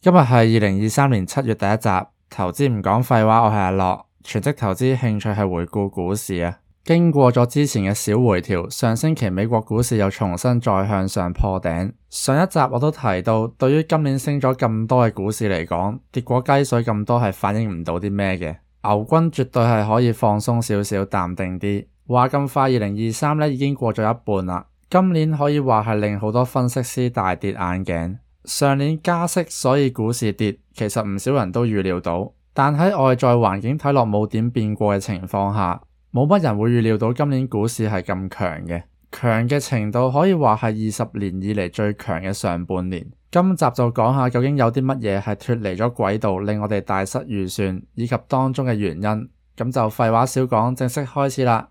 今日係二零二三年七月第一集，投資唔講廢話，我係阿樂，全職投資，興趣係回顧股市啊。經過咗之前嘅小回調，上星期美國股市又重新再向上破頂。上一集我都提到，對於今年升咗咁多嘅股市嚟講，結果雞水咁多係反映唔到啲咩嘅。牛軍絕對係可以放鬆少少，淡定啲。話咁快，二零二三咧已經過咗一半啦。今年可以話係令好多分析師大跌眼鏡。上年加息，所以股市跌，其實唔少人都預料到。但喺外在環境睇落冇點變過嘅情況下，冇乜人會預料到今年股市係咁強嘅，強嘅程度可以話係二十年以嚟最強嘅上半年。今集就講下究竟有啲乜嘢係脫離咗軌道，令我哋大失預算，以及當中嘅原因。咁就廢話少講，正式開始啦。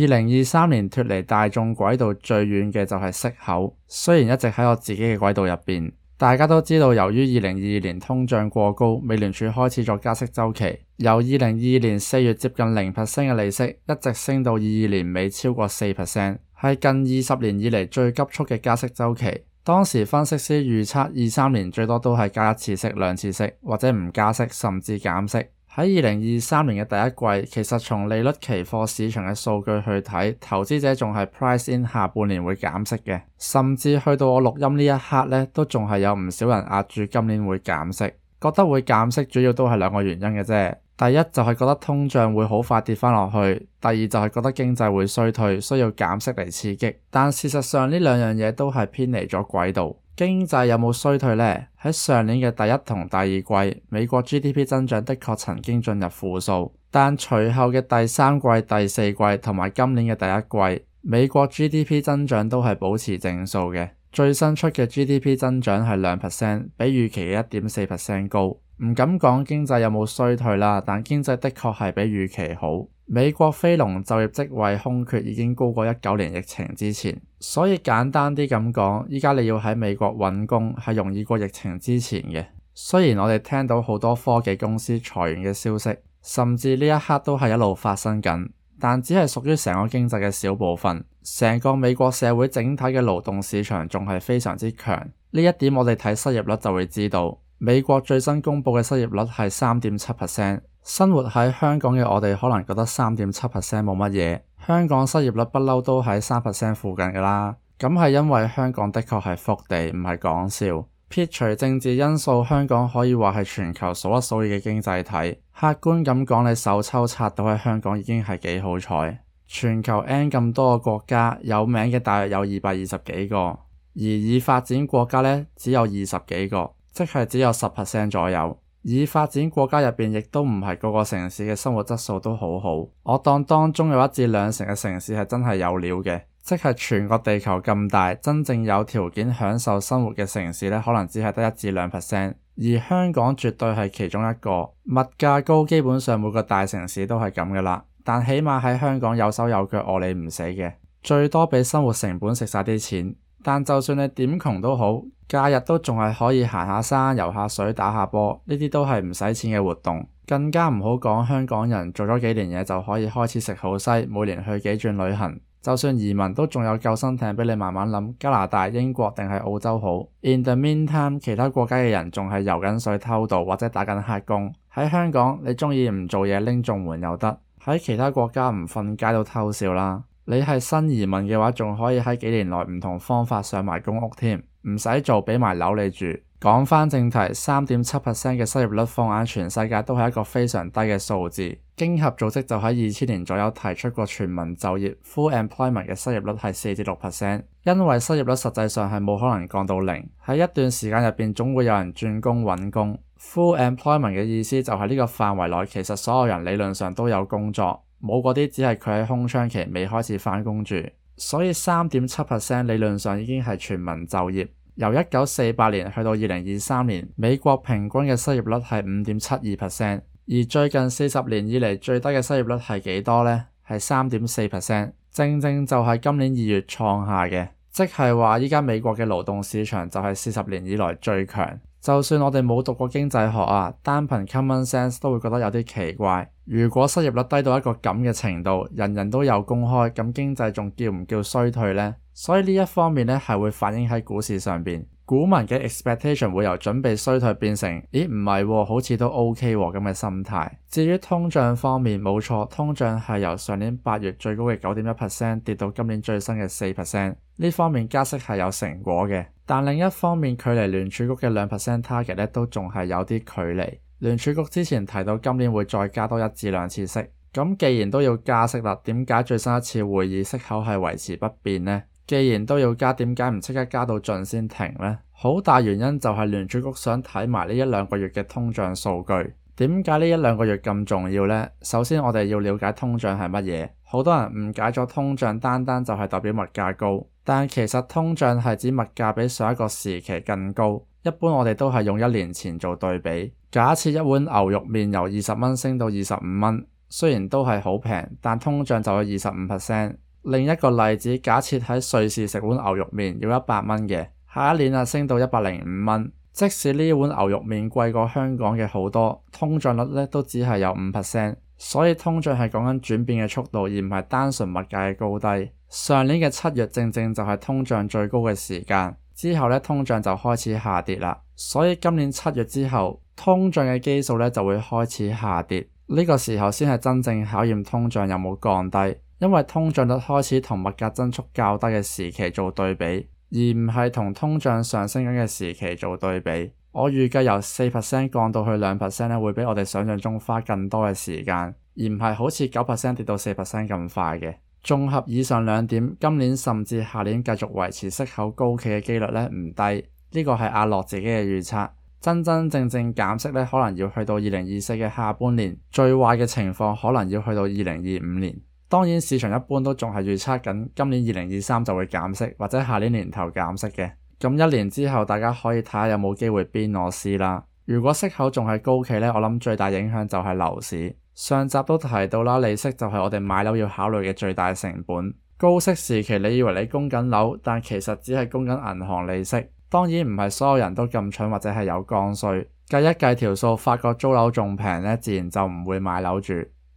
二零二三年脫離大眾軌道最遠嘅就係息口，雖然一直喺我自己嘅軌道入邊。大家都知道，由於二零二二年通脹過高，美聯儲開始咗加息周期，由二零二二年四月接近零 percent 嘅利息，一直升到二二年尾超過四 percent，係近二十年以嚟最急速嘅加息周期。當時分析師預測二三年最多都係加一次息、兩次息，或者唔加息，甚至減息。喺二零二三年嘅第一季，其實從利率期貨市場嘅數據去睇，投資者仲係 price in 下半年會減息嘅，甚至去到我錄音呢一刻咧，都仲係有唔少人押注今年會減息。覺得會減息主要都係兩個原因嘅啫，第一就係覺得通脹會好快跌翻落去，第二就係覺得經濟會衰退，需要減息嚟刺激。但事實上呢兩樣嘢都係偏離咗軌道。經濟有冇衰退呢？喺上年嘅第一同第二季，美國 GDP 增長的確曾經進入負數，但隨後嘅第三季、第四季同埋今年嘅第一季，美國 GDP 增長都係保持正數嘅。最新出嘅 GDP 增長係兩 percent，比預期嘅一點四 percent 高。唔敢講經濟有冇衰退啦，但經濟的確係比預期好。美國非農就業職位空缺已經高過一九年疫情之前，所以簡單啲咁講，依家你要喺美國揾工係容易過疫情之前嘅。雖然我哋聽到好多科技公司裁員嘅消息，甚至呢一刻都係一路發生緊，但只係屬於成個經濟嘅小部分。成個美國社會整體嘅勞動市場仲係非常之強，呢一點我哋睇失業率就會知道。美國最新公布嘅失業率係三點七 percent。生活喺香港嘅我哋，可能覺得三點七 percent 冇乜嘢。香港失業率不嬲都喺三 percent 附近噶啦。咁係因為香港的確係福地，唔係講笑。撇除政治因素，香港可以話係全球數一數二嘅經濟體。客觀咁講，你手抽擦到喺香港已經係幾好彩。全球 N 咁多個國家，有名嘅大約有二百二十幾個，而已發展國家呢，只有二十幾個，即係只有十 percent 左右。以發展國家入邊，亦都唔係個個城市嘅生活質素都好好。我當當中有一至兩成嘅城市係真係有料嘅，即係全國地球咁大，真正有條件享受生活嘅城市呢，可能只係得一至兩 percent。而香港絕對係其中一個。物價高，基本上每個大城市都係咁噶啦。但起碼喺香港有手有腳，餓你唔死嘅，最多俾生活成本食晒啲錢。但就算你點窮都好，假日都仲係可以行下山、游下水、打下波，呢啲都係唔使錢嘅活動。更加唔好講香港人做咗幾年嘢就可以開始食好西，每年去幾轉旅行。就算移民都仲有救生艇畀你慢慢諗，加拿大、英國定係澳洲好。In the meantime，其他國家嘅人仲係游緊水偷渡或者打緊黑工。喺香港，你鍾意唔做嘢拎綜援又得；喺其他國家唔瞓街都偷笑啦。你係新移民嘅話，仲可以喺幾年內唔同方法上埋公屋添，唔使做俾埋樓你住。講返正題，三點七 percent 嘅失業率，放眼全世界都係一個非常低嘅數字。經合組織就喺二千年左右提出過全民就業 （full employment） 嘅失業率係四至六 percent，因為失業率實際上係冇可能降到零，喺一段時間入邊總會有人轉工搵工。full employment 嘅意思就係呢個範圍內，其實所有人理論上都有工作。冇嗰啲，只係佢喺空窗期未開始返工住，所以三點七 percent 理論上已經係全民就業。由一九四八年去到二零二三年，美國平均嘅失業率係五點七二 percent，而最近四十年以嚟最低嘅失業率係幾多呢？係三點四 percent，正正就係今年二月創下嘅，即係話依家美國嘅勞動市場就係四十年以來最強。就算我哋冇讀過經濟學啊，單憑 common sense 都會覺得有啲奇怪。如果失業率低到一個咁嘅程度，人人都有工開，咁經濟仲叫唔叫衰退呢？所以呢一方面呢，係會反映喺股市上邊。股民嘅 expectation 會由準備衰退變成，咦唔係喎，好似都 OK 咁啊嘅心態。至於通脹方面，冇錯，通脹係由上年八月最高嘅九點一 percent 跌到今年最新嘅四 percent，呢方面加息係有成果嘅。但另一方面，距離聯儲局嘅兩 percent target 呢都仲係有啲距離。聯儲局之前提到今年會再加多一至兩次息，咁既然都要加息啦，點解最新一次會議息口係維持不變呢？既然都要加，點解唔即刻加到盡先停呢？好大原因就係聯儲局想睇埋呢一兩個月嘅通脹數據。點解呢一兩個月咁重要呢？首先我哋要了解通脹係乜嘢。好多人誤解咗通脹，單單就係代表物價高，但其實通脹係指物價比上一個時期更高。一般我哋都係用一年前做對比。假設一碗牛肉麵由二十蚊升到二十五蚊，雖然都係好平，但通脹就有二十五 percent。另一個例子，假設喺瑞士食碗牛肉麵要一百蚊嘅，下一年啊，升到一百零五蚊。即使呢碗牛肉麵貴過香港嘅好多，通脹率咧都只係有五 percent。所以通脹係講緊轉變嘅速度，而唔係單純物價嘅高低。上年嘅七月正正就係通脹最高嘅時間，之後呢，通脹就開始下跌啦。所以今年七月之後，通脹嘅基數咧就會開始下跌，呢個時候先係真正考驗通脹有冇降低。因為通脹率開始同物價增速較低嘅時期做對比，而唔係同通脹上升緊嘅時期做對比。我預計由四%降到去兩%咧，會比我哋想象中花更多嘅時間，而唔係好似九%跌到四%咁快嘅。綜合以上兩點，今年甚至下年繼續維持息口高企嘅機率咧唔低。呢、這個係阿洛自己嘅預測，真真正正減息咧可能要去到二零二四嘅下半年，最壞嘅情況可能要去到二零二五年。當然，市場一般都仲係預測緊今年二零二三就會減息，或者下年年頭減息嘅。咁一年之後，大家可以睇下有冇機會變鈔市啦。如果息口仲係高企咧，我諗最大影響就係樓市。上集都提到啦，利息就係我哋買樓要考慮嘅最大成本。高息時期，你以為你供緊樓，但其實只係供緊銀行利息。當然唔係所有人都咁蠢或者係有剛需，計一計條數，發覺租樓仲平咧，自然就唔會買樓住。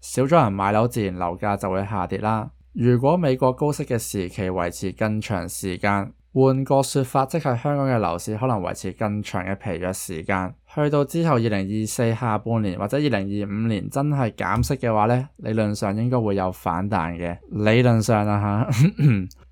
少咗人買樓，自然樓價就會下跌啦。如果美國高息嘅時期維持更長時間，換個說法，即係香港嘅樓市可能維持更長嘅疲弱時間。去到之後二零二四下半年或者二零二五年真係減息嘅話呢，理論上應該會有反彈嘅。理論上啊吓，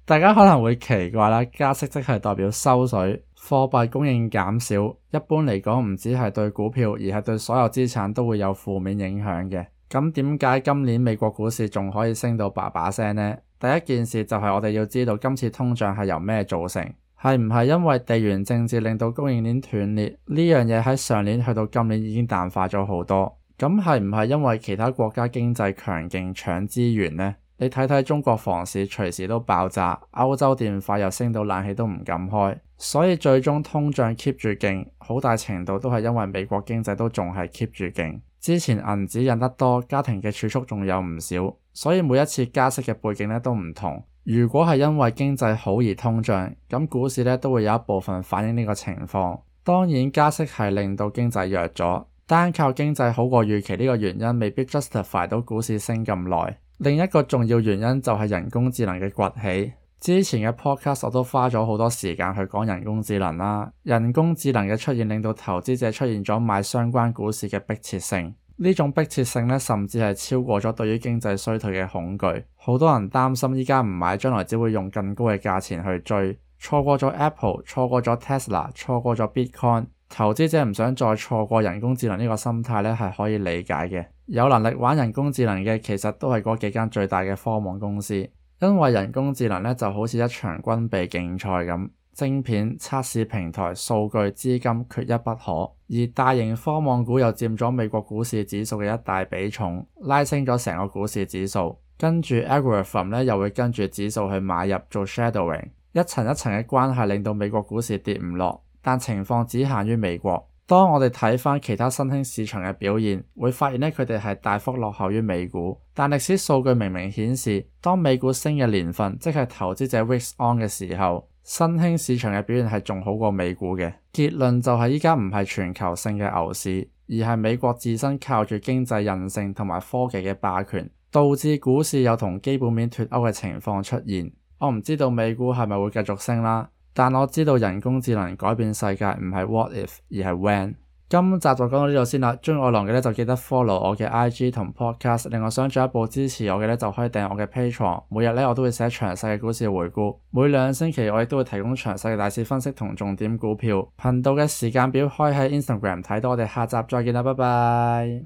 大家可能會奇怪啦，加息即係代表收水，貨幣供應減少，一般嚟講唔止係對股票，而係對所有資產都會有負面影響嘅。咁點解今年美國股市仲可以升到把把聲呢？第一件事就係我哋要知道今次通脹係由咩造成，係唔係因為地緣政治令到供應鏈斷裂？呢樣嘢喺上年去到今年已經淡化咗好多，咁係唔係因為其他國家經濟強勁搶資源呢？你睇睇中國房市隨時都爆炸，歐洲電費又升到冷氣都唔敢開，所以最終通脹 keep 住勁，好大程度都係因為美國經濟都仲係 keep 住勁。之前銀紙印得多，家庭嘅儲蓄仲有唔少，所以每一次加息嘅背景呢都唔同。如果係因為經濟好而通脹，咁股市呢都會有一部分反映呢個情況。當然，加息係令到經濟弱咗，單靠經濟好過預期呢個原因未必 justify 到股市升咁耐。另一個重要原因就係人工智能嘅崛起。之前嘅 Podcast 我都花咗好多時間去講人工智能啦。人工智能嘅出現令到投資者出現咗買相關股市嘅迫切性，呢種迫切性呢，甚至係超過咗對於經濟衰退嘅恐懼。好多人擔心依家唔買，將來只會用更高嘅價錢去追。錯過咗 Apple，錯過咗 Tesla，錯過咗 Bitcoin，投資者唔想再錯過人工智能呢個心態呢，係可以理解嘅。有能力玩人工智能嘅，其實都係嗰幾間最大嘅科網公司。因為人工智能就好似一場軍備競賽咁，晶片、測試平台、數據、資金缺一不可。而大型科網股又佔咗美國股市指數嘅一大比重，拉升咗成個股市指數。跟住 AgriFund 又會跟住指數去買入做 shadowing，一層一層嘅關係令到美國股市跌唔落。但情況只限於美國。當我哋睇返其他新興市場嘅表現，會發現咧佢哋係大幅落後於美股。但歷史數據明明顯示，當美股升嘅年份，即係投資者 risk on 嘅時候，新興市場嘅表現係仲好過美股嘅。結論就係依家唔係全球性嘅牛市，而係美國自身靠住經濟韌性同埋科技嘅霸權，導致股市有同基本面脫歐嘅情況出現。我唔知道美股係咪會繼續升啦。但我知道人工智能改變世界唔係 what if，而係 when。今集就講到呢度先啦。鍾意我嘅咧就記得 follow 我嘅 IG 同 podcast。另外想進一步支持我嘅咧就可以訂閱我嘅 patreon。每日咧我都會寫詳細嘅股市回顧，每兩星期我亦都會提供詳細嘅大市分析同重點股票。頻道嘅時間表可以喺 Instagram 睇到，我哋下集再見啦，拜拜。